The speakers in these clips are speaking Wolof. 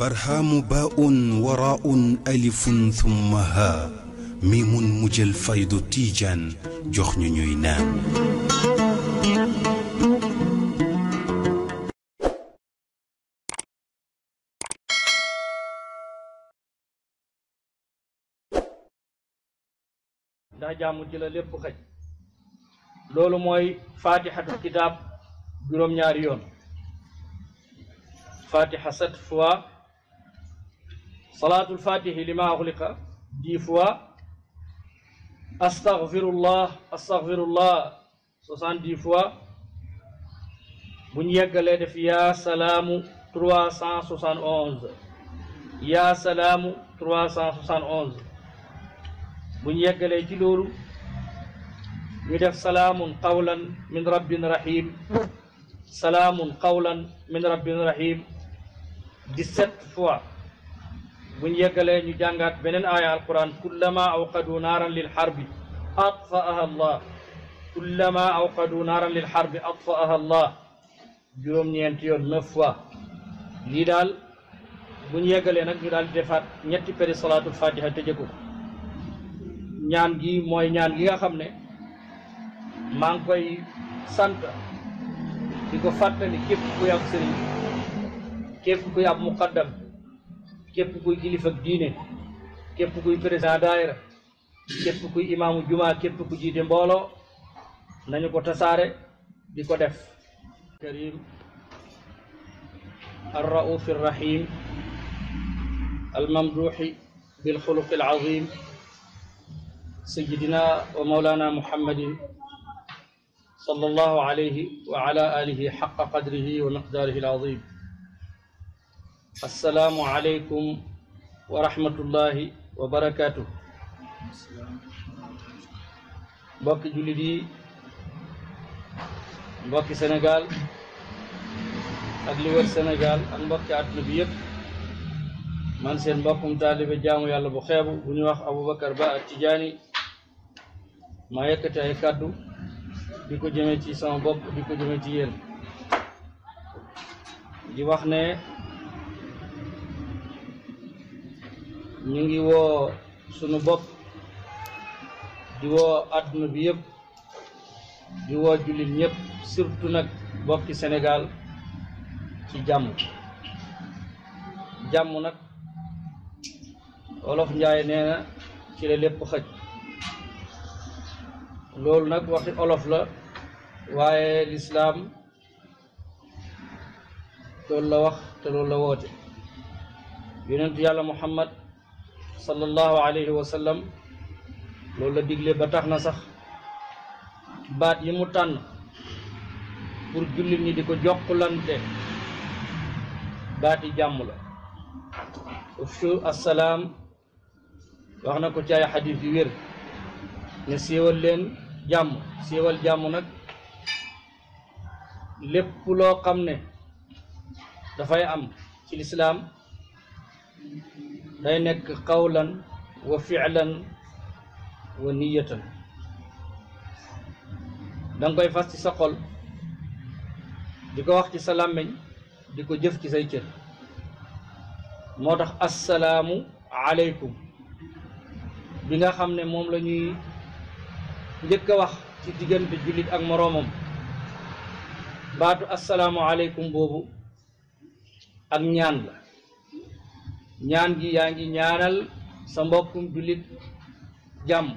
barhaamu baaun waraaun alifun thumma haa miimun mujjal faydu tiijaan jox ñu ñuy naan. ndax mooy faatixatul kitaab juróom صلاة الفاتح لما أغلق dix fois astaghfirullah astaghfirullah soixante-dix fois bu ñu yeggalee def yaa salaamu trois cent soixante onze yaa salaamu trois cent soixante onze bu ñu yeggalee ci loolu ñu def salaamun qawlan min rabbin rahim salaamun qawlan min rabbin rahim dix-sept fois بن يغلي ني جانغات بنن آية القرآن كلما أوقدوا نارا للحرب أطفأها الله كلما أوقدوا نارا للحرب أطفأها الله جوم نينت يون نفوا لي دال بن يغلي نك ني دال ديفات نيتي بري صلاة الفاتحة تجيكو نيان موي نيان ليغا خامني مانكوي سانت ديكو فاتني كيف كو كيف كو ياب مقدم كيف كوي كليفة دينه كيف كوي بريزا داير كيف كوي إمام الجمعة كيف كوي جيدين بولو نانيو كو تساري دي كو دف كريم الرؤوف الرحيم الممدوح بالخلق العظيم سيدنا ومولانا محمد صلى الله عليه وعلى آله حق قدره ومقداره العظيم assalaamu aleykum wa rahmatullahi wa barakaatu mbokki jullit yi mbokki Sénégal ak li wër Sénégal ak mbokki àdduna bi yëpp man seen mbokkum taalibe jaamu yàlla bu xeebu bu ñu wax Aboubacar Ba ak Tijaani maa yëkkati ay kàddu di ko jëme ci sama bopp di ko jëme ci yéen di wax ne ñu ngi wo suñu bop di wo aduna bi yeb di wo julit ñep surtout nak bokki senegal ci jamm jamm nak olof Njaay neena ci la lepp xej lool nak waxi olof la waye l'islam tol la wax te lool la wote yalla Muhammad sallallahu alayhi wa sallam loolu la digle ba tax na sax baat yi mu tànn pour jullit ñi di ko jokkulante baati jàmm la ufshu assalaam wax na ko ci ay bi yu wér ne siiwal leen jàmm séwal jàmm nag lépp loo xam ne dafay am ci lislaam day nekk qawlan wa fi'lan wa niyatan da koy fas ci sa xol di ko wax ci sa làmmiñ di ko jëf ci say cër moo tax assalaamu aleykum bi nga xam ne moom la ñuy njëkk a wax ci diggante jullit ak moroomam baatu assalaamu aleykum boobu ak ñaan la ñaan gi yaa ngi ñaanal sa mbokkum jullit jàmm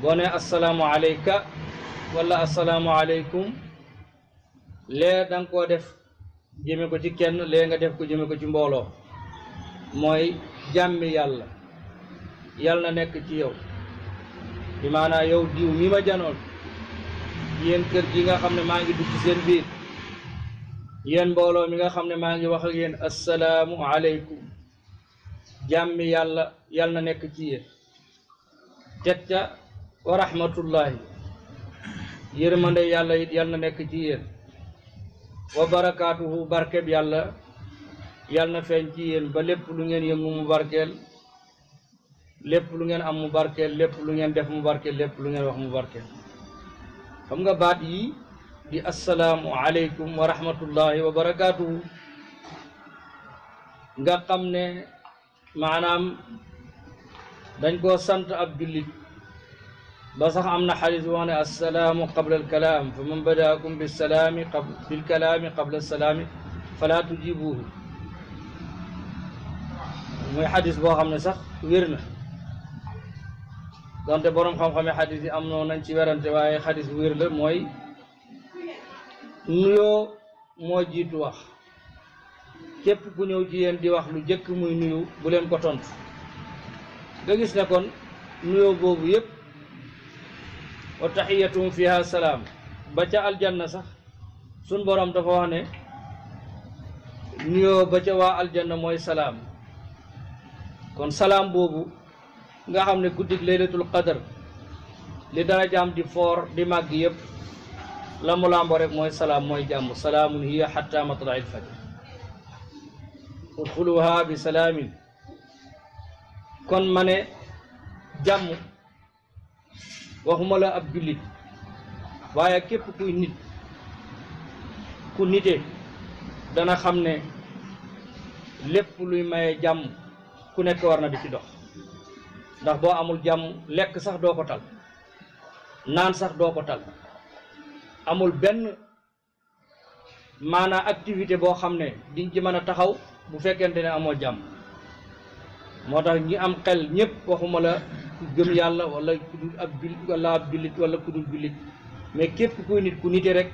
boo ne assalaamu alayka wala assalaamu alaykum lee da koo def jëme ko ci kenn lee nga def ko jëme ko ci mbooloo mooy jàmmi yàlla yàlla na nekk ci yow bi maanaa yow diw mi ma janoon yéen kër gi nga xam ne maa ngi dugg seen biir yéen mbooloo mi nga xam ne maa ngi wax a yéen assalaamu aleykum jàmmi yàlla yàlla na nekk ci yéen teg ca wa rahmatullahi yërmande yàlla it yàlla na nekk ci yéen wa barakaatuhu barkeb yàlla yàlla na feeñ ci yéen ba lépp lu ngeen yëngu mu barkeel lépp lu ngeen am mu barkeel lépp lu ngeen def mu barkeel lépp lu ngeen wax mu barkeel xam nga baat yi السلام عليكم ورحمة الله وبركاته nga xamne manam dañ ko sante ab jullit ba sax amna hadith wa wax ne assalaamu qabla alkalaam fa man badaakum bis salam qabla salaami fala tujibuhu moy hadith bo xamne sax wér donte borom xam-xame hadith yi nañ ci werante waye hadith bu moy nuyoo moo jiitu wax képp ku ñëw ci di wax lu jëkk muy nuyu bu leen ko tontu gis ne kon nuyoo boobu yépp wa taxiyatum fiha salaam ba ca aljanna sax sun borom dafa wax ne nuyoo ba ca waa aljanna mooy salaam kon salaam boobu nga xam ne guddig laylatul qadar li dara jaam di foor di màgg yépp la rek mooy salaam mooy jàmm salaamun hiya xatta matla'il fajr udxuluha bi salaamin kon mane jàmm waxuma la ab jullit waaye képp kuy nit ku nite dana xam ne lépp luy maye jàmm ku nekk war na di ci dox ndax boo amul jàmm lekk sax dookotal naan sax dookotal amul benn maanaa activité boo xam ne diñ ci a taxaw bu fekkente ne amoo jàmm moo tax ñi am xel ñëpp waxuma la ku gëm yàlla wala ku dul ab jullit wala ab jullit mais képp kuy nit ku nite rek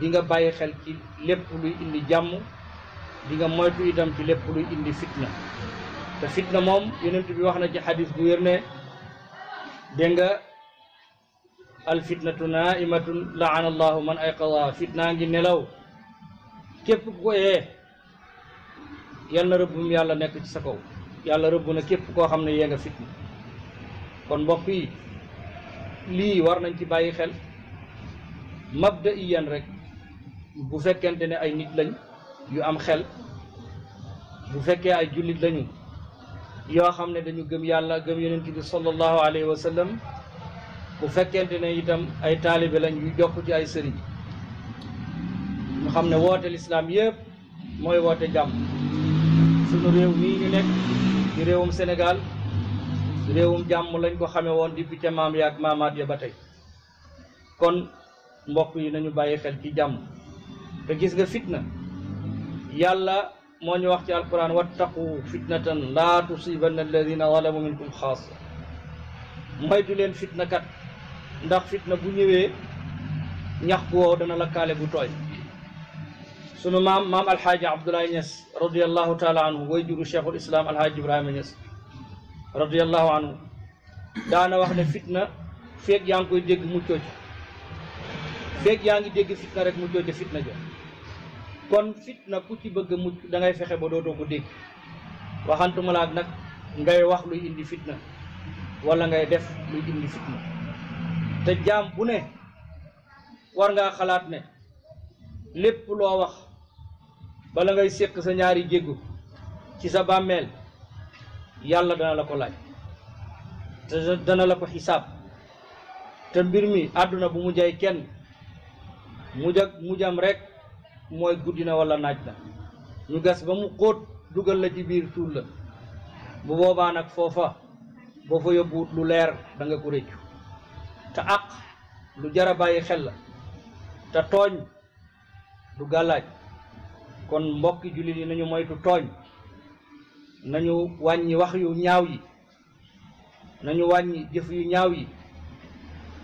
di nga bàyyi xel ci lépp luy indi jàmm di nga moytu itam ci lépp luy indi fitna te fitna moom yonent bi wax na ci xadis bu wér ne dégg alfitnatu naimatun laana allahu man ayqadaa fitnaa ngi nelaw képp ku ko yee yal na yàlla nekk ci sa kaw yàlla rëbb na képp koo xam ne yee nga fitna kon mbokk yi lii war nañ ci bàyyi xel mabda iyan rek bu fekkente ne ay nit lañ yu am xel bu fekkee ay jullit lañu yoo xam ne dañu gëm yàlla gëm yonent bi sallallahu alayhi wa sallam bu fekkente ne itam ay taalibe lañ yu jokk ci ay sëriñ ñu xam ne woote lislaam yëpp mooy woote jàmm sunu réew mii ñu nekk di réewum Sénégal réewum jàmm lañ ko xamee woon depuis ca maam yaak maamaat ya ba tey kon mbokk yi nañu bàyyi xel ci jàmm te gis nga fitna yàlla moo ñu wax ci alquran fitna fitnatan laa tusibanna alladina zalamu minkum xaasa moytu leen fitnakat ndax fitna bu ñëwee ñax bu wow dana la kaale bu tooy sunu maam maam alxaaji abdoulaye ñes radiallahu taala anhu way juru cheikhul islam alxaaji ibrahima ñes radiallahu anhu daana wax ne fitna feeg yaa ngi koy dégg yaa ngi dégg fitna rek muccoo ca fitna ja kon fitna ku ci bëgg a mucc da fexe ba dootoo ko dégg waxantuma nag ngay wax luy indi fitna wala ngay def luy indi fitna te jaam bu ne war ngaa xalaat ne lépp loo wax bala ngay séq sa ñaari jéggu ci sa bàmmeel yàlla dana la ko laaj dana la ko xisaab te mbir mi àdduna bu mu jay kenn mu jag mu jam rek mooy guddi na wala naaj la ñu gas ba mu xóot dugal la ci biir tuul la bu boobaa nag foofa boo fa yóbbuwut lu leer danga nga ko te àq lu jar a bàyyi xel la te tooñ du gàllaaj kon mbokki jullit yi nañu moytu tooñ nañu wàññi wax yu ñaaw yi nañu wàññi jëf yu ñaaw yi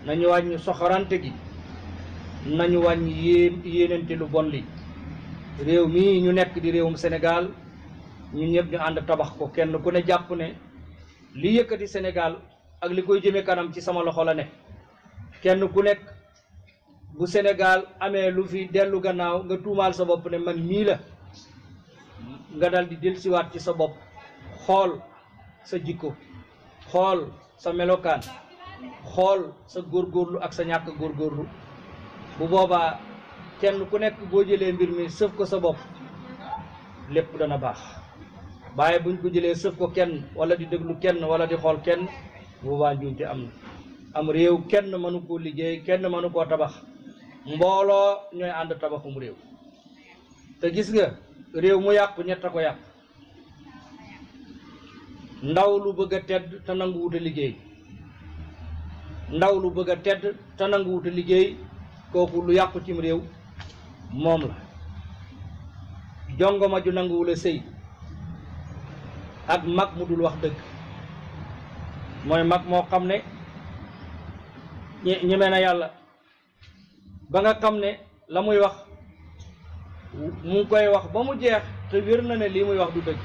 nañu wàññi soxorante gi nañu wàññi yéen yéenante lu bon li réew mii ñu nekk di réewum Sénégal ñun ñëpp ñu ànd tabax ko kenn ku ne jàpp ne li yëkkati senegal ak li koy jëme kanam ci sama loxo la ne kenn ku nekk bu Sénégal amee lu fi dellu gannaaw nga tuumaal sa bopp ne man mii la nga dal di dellusiwaat ci sa bopp xool sa jikko xool sa melokaan xool sa góorgóorlu ak sa ñàkk góorgóorlu bu boobaa kenn ku nekk boo jëlee mbir mi sëf ko sa bopp lépp dana baax waaye buñ ko jëlee sëf ko kenn wala di déglu kenn wala di xool kenn bu boobaa njuumte am am réew kenn mënu koo liggéey kenn mënu koo tabax mbooloo ñooy ànd tabaxum réew te gis nga réew mu yàqu ñett a ko yàq ndaw lu bëgg a tedd te nangu wut a liggéey ndaw lu bëgg a tedd te nangu wut a liggéey kooku lu yàqu cim réew moom la jongoma ju nanguwul a sëy ak mag mu dul wax dëgg mooy mag moo xam ne ñeme na yalla ba nga xam ne la muy wax mu koy wax ba mu jeex te wër na ne li muy wax du dëgg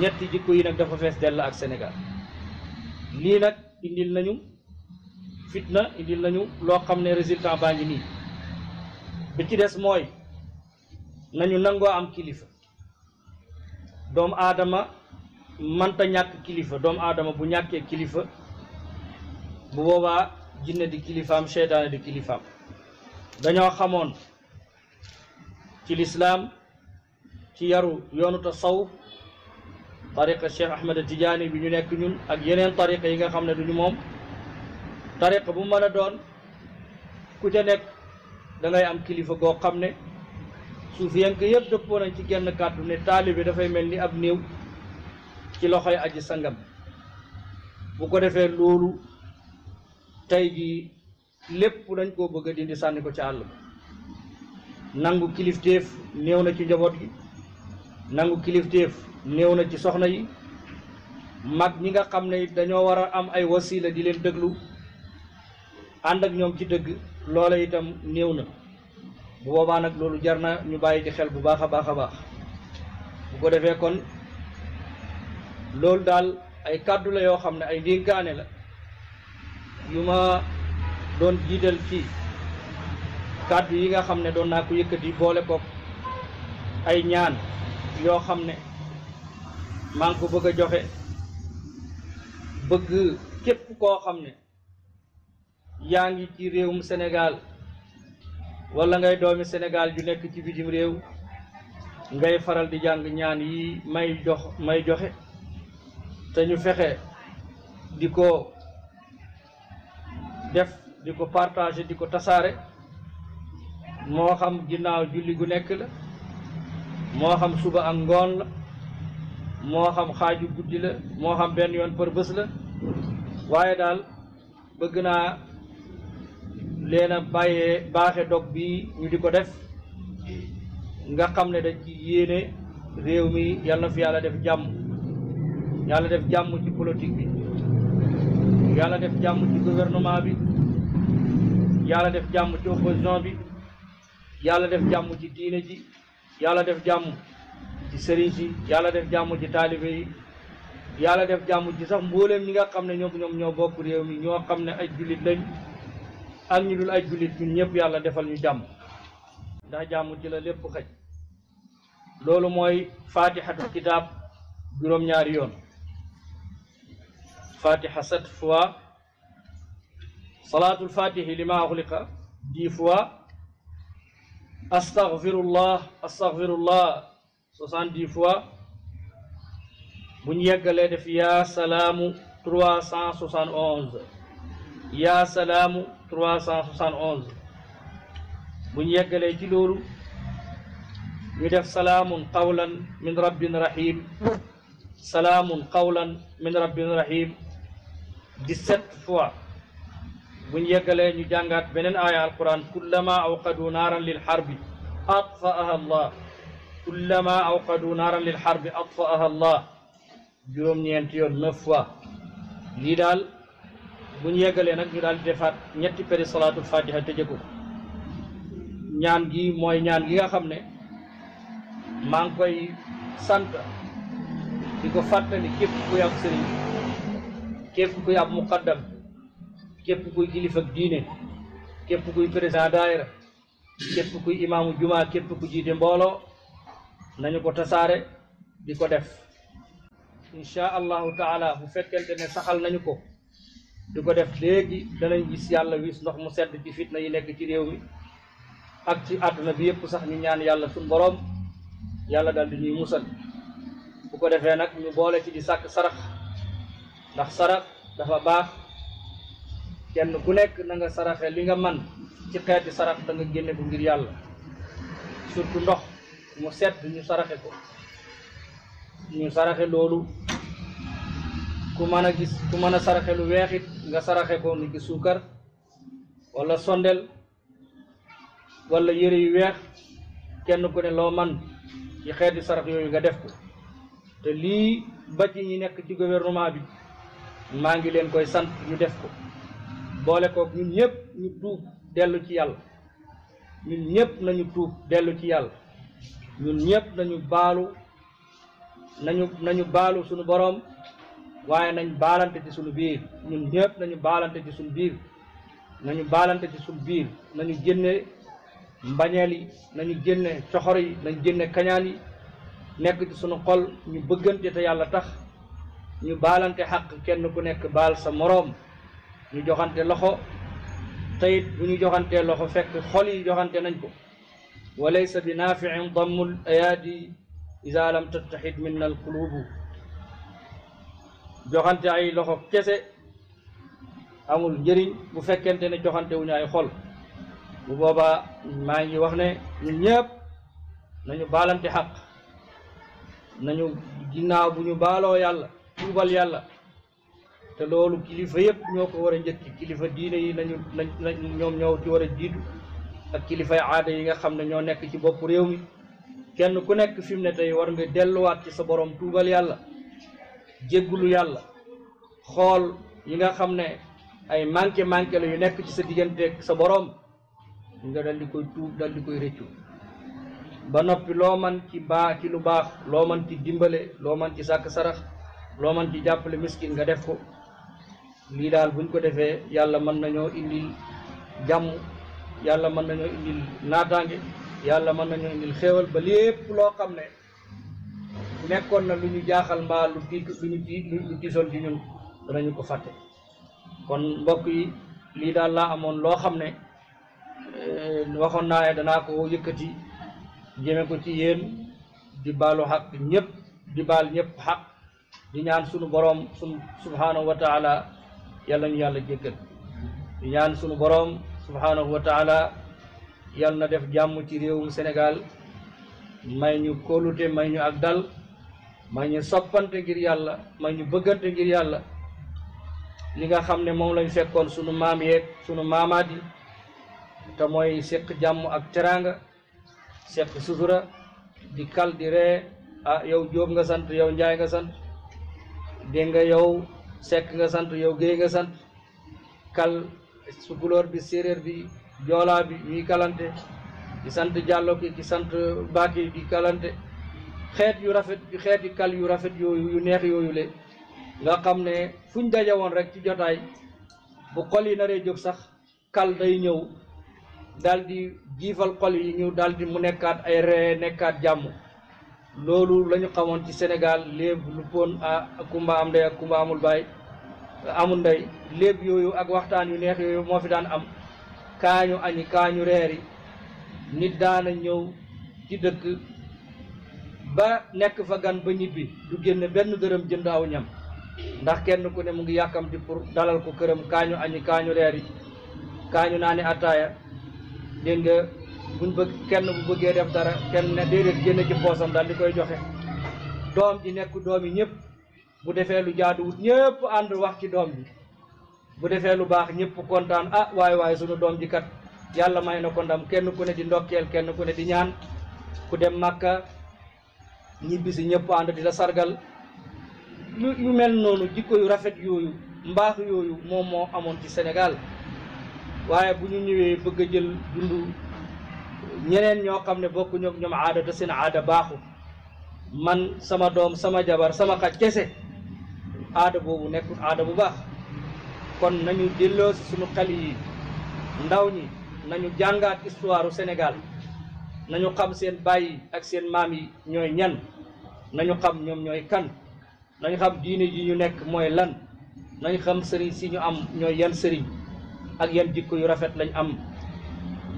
ñetti jikko yi nak dafa fess del ak Sénégal li nak indil nañu fitna indil nañu lo xam ne résultat baa ngi nii bi ci dess moy nañu nango am kilifa adama man ta ñak kilifa dom adama bu ñaké kilifa bu boba jinne di kilifaam seytaane di kilifaam dañoo xamoon ci lislaam ci yaru yoonu tasawuf tariqa cheikh ahmed tijaani bi ñu nekk ñun ak yeneen tariqa yi nga xam ne duñu moom tariqa bu mën a doon ku ca nekk da am kilifa goo xam ne suuf suufiyanke yëpp dëppoo nañ ci genn kàddu ne taalibe dafay mel ni ab néew ci loxoy aji sangam bu ko defee loolu tey jii lépp dañ koo bëgg a dindi sànni ko ci àll ba nangu kilifteef néew na ci njaboot gi nangu kilifteef néew na ci soxna yi mag ñi nga xam ne dañoo war a am ay wasila di leen déglu ànd ak ñoom ci dëgg loola itam néew na bu boobaa nag loolu jar na ñu bàyyi ci xel bu baax a baax a baax bu ko defee kon loolu daal ay kàddu la yoo xam ne ay gaane la yu ma doon jiital ci kàddu yi nga xam ne doon naa ko yëkkati boole ko ay ñaan yoo xam ne maa ngi ko bëgg joxe bëgg képp koo xam ne yaa ngi ci réewum Sénégal wala ngay doomi senegal ju nekk ci bitim réew ngay faral di jàng ñaan yi may jox may joxe te ñu fexe di ko def di ko partager di ko tasaare moo xam ginnaaw julli gu nekk la moo xam suba ak ngoon la moo xam xaaju guddi la moo xam benn yoon par bés la waaye daal bëgg naa leena a bàyyee baaxe dog bi ñu di ko def nga xam ne dañ ci yéene réew mi yàlla na fi yàlla def jàmm yàlla def jàmm ci politique bi yàlla def jàmm ci gouvernement bi yàlla def jàmm ci opposition bi yàlla def jàmm ji diine ji yàlla def jàmm ci sëriñ si yàlla def jàmm ci taalibe yi yàlla def jàmm ji sax mbooleem ñi nga xam ne ñoom ñoom ñoo bokk réew mi ñoo xam ne ay jullit lañ ak ñu dul ay jullit ñun ñëpp yàlla defal ñu jàmm ndax jàmm ji la lépp xaj loolu mooy faatixatu kitaab juróom-ñaari yoon فاتحة ست فوا صلاة الفاتح لما أغلق دي فوا أستغفر الله أستغفر الله سوسان دي فوا بنية قلت يا سلام 371 يا سلام 371 بنية قلت جلور ويدف سلام قولا من رب رحيم سلام قولا من رب رحيم 17 fois buñ yeggalee ñu jangat benen aya alquran kullama awqadu naran lil harbi atfaaha allah kullama awqadu naran lil harbi atfaaha allah juroom ñent yoon 9 fois li dal buñ yeggalee nak ñu dal di defaat ñetti péri salatu fatiha te jëgu ñaan gi moy ñaan gi nga xamne ne maa ngi koy sant di ko fàttali képp ku yàgg képp ku ab muqaddam képp kuy kilifa diine képp kuy président daayira képp kuy imaamu jumaa képp ku jiite mbooloo nañu ko tasaare di ko def insha allahu taala bu fekkente ne saxal nañu ko di ko def léegi danañ gis yàlla wis ndox mu sedd ci fitna yi nekk ci réew mi ak ci àdduna bi yëpp sax ñu ñaan yàlla suñ boroom yàlla daal di ñuy musal bu ko defee nag ñu boole ci di sàkk sarax ndax sarax dafa baax kenn ku nekk na nga saraxe ya, li nga man ci xeeti sarax da nga génne ko ngir yàlla surtout ndox mu set ñu saraxe ya, ko ñu saraxe loolu ya, ku mën a gis ku mën a saraxe lu weexit nga saraxe ko ni ki suukar wala sondel wala yëre yu weex kenn ku ne loo man ci xeeti sarax yooyu nga def ko te lii ba ñi nekk ci gouvernement bi maa ngi leen koy sant ñu def ko boole koog ñun ñëpp ñu tuub dellu ci yàlla ñun ñëpp nañu tuub dellu ci yàlla ñun ñëpp nañu baalu nañu baalu suñu boroom waaye nañ baalante ci suñu biir ñun ñëpp nañu baalante ci suñu biir nañu baalante ci suñu biir nañu génne mbañeel yi nañu génne coxor yi nañ génne kañaan yi nekk ci suñu xol ñu bëggante te yàlla tax ñu balanté xaq kenn ku nekk baal sa moroom ñu joxante loxo tayit bu ñu joxantee loxo fekk xol yi joxante nañ ko wa laysa dammul ayaadi ida lam tattaxid min al joxante ay loxo kese amul njëriñ bu fekkente ne joxante wu ñu ay xol bu boobaa maa ngi wax ne ñun ñëpp nañu baalante xaq nañu ginnaaw bu ñu yàlla tuubal yàlla te loolu kilifa yëpp ñoo ko war a njëkk kilifa diine yi nañu nañ ñoom ñoo ci war a jiitu ak kilifay aada yi nga xam ne ñoo nekk ci bopp réew mi kenn ku nekk fi ne tey war nga delluwaat ci sa borom tuubal yàlla jéggulu yàlla xool yi nga xam ne ay manqué manqué la yu nekk ci sa digganteeg sa borom nga dal di koy tuub dal koy rëccu ba noppi loo man ci baa lu baax loo man dimbale loo man ci sàkk sarax loo man di jàppale miskin nga def ko lii daal buñ ko defee yàlla mën nañoo indil jàmm yàlla mën nañoo indil naataange yàlla mën nañoo indil xéewal ba lépp loo xam ne nekkoon na lu ñu jaaxal mbaa lu tiit lu ñu tiit lu tiisoon ci ñun danañu ko fàtte kon mbokk yi lii daal laa amoon loo xam ne waxoon naa ne danaa ko yëkkati jëme ko ci yéen di baalu xaq ñëpp di baal ñëpp xaq di ñaan sunu boroom sun subhaanahu wa taala yalla ñu yàlla jéggal di ñaan sunu boroom subhaanahu wa taala yàlla na def jàmm ci réewum Sénégal may ñu kóolute may ñu ak dal may ñu soppante ngir yàlla may ñu bëggante ngir yàlla li nga xam ne moom lañ fekkoon sunu maam yeeg sunu maamaat yi te mooy seq jàmm ak teraanga seq sutura di kal di ree ah yow jóob nga sant yow njaay nga sant dégg nga yow sek nga sant yow géey nga sant kal sukulóor bi séréer bi joolaa bi ñuy kalante di sant jàlloo ki ki sant baaki di kalante xeet yu rafet xeeti kal yu rafet yooyu yu neex yooyu nga xam ne fuñ daje woon rek ci jotaay bu xol yi naree jóg sax kal day ñëw dal di jiifal xol yi ñu daal di mu nekkaat ay ree nekkaat jàmm loolu lañu ñu ci Sénégal léeb lu pon a kumba am ndey ak kumba amul baay amul léeb yooyu ak waxtaan yu neex yooyu moo fi daan am kaañu añi kaañu reeri nit daana ñëw ci dëkk ba nekk fa gan ba ñibbi du génne benn dërëm jënd aw ñam ndax kenn ku ne mu ngi yàkkamti pour dalal ko këram kaañu añi kaañu reeri kaañu naani attaaya dégg buñ bëgg kenn bu bëggee def dara kenn ne déedéet génn ci poosam daal di koy joxe doom ji nekk doom yi ñëpp bu defee lu jaaduwut ñëpp ànd wax ci doom bi bu defee lu baax ñëpp kontaan a ah waaye waaye sunu doom ji kat yàlla may na ko kenn ku ne di kenn ku ne di ñaan ku dem màkka ñibbisi ñëpp ànd di la sargal lu yu mel noonu jikko yu rafet yooyu mbaax yooyu moom moo amoon ci senegal waaye bu ñu ñëwee bëgg a jël dund ñeneen ñoo xam ne bokku ñoom ñoom aada te seen aada baaxu man sama dom sama jabar sama xaj kese aada boobu nekkul aada bu baax kon nañu delloo si suñu xel yi ndaw ñi nañu jàngaat histoire Sénégal nañu xam seen bàyyi ak seen maam yi ñooy ñan nañu xam ñoom ñooy kan nañu xam diine ji ñu nekk mooy lan nañu xam sëriñ si ñu am ñooy yan sëriñ ak yan jikko yu rafet lañ am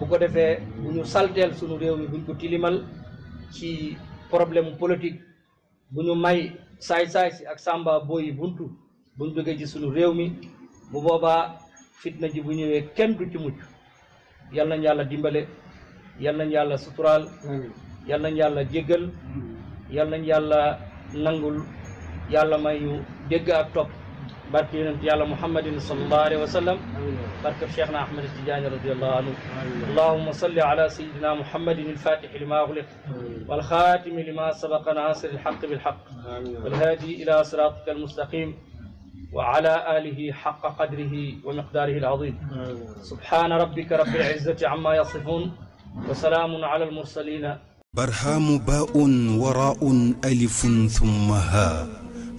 bu ko defee bu ñu salteel suñu réew mi buñ ko tilimal ci problème politique bu ñu may saay-saay si ak samba boy buntu buñ jógee ci suñu réew mi bu boobaa fitna ji bu ñëwee kenn du ci mucc yal nañ yàlla dimbale yal nañ yàlla suturaal yal nañ yàlla jéggal nañ yàlla nangul yàlla may ñu dégg بارك ينتي على محمد صلى الله عليه وسلم بارك شيخنا احمد التجاني رضي الله عنه اللهم صل على سيدنا محمد الفاتح لما اغلق والخاتم لما سبق ناصر الحق بالحق والهادي الى صراطك المستقيم وعلى اله حق قدره ومقداره العظيم سبحان ربك رب العزه عما يصفون وسلام على المرسلين برهام باء وراء الف ثم هاء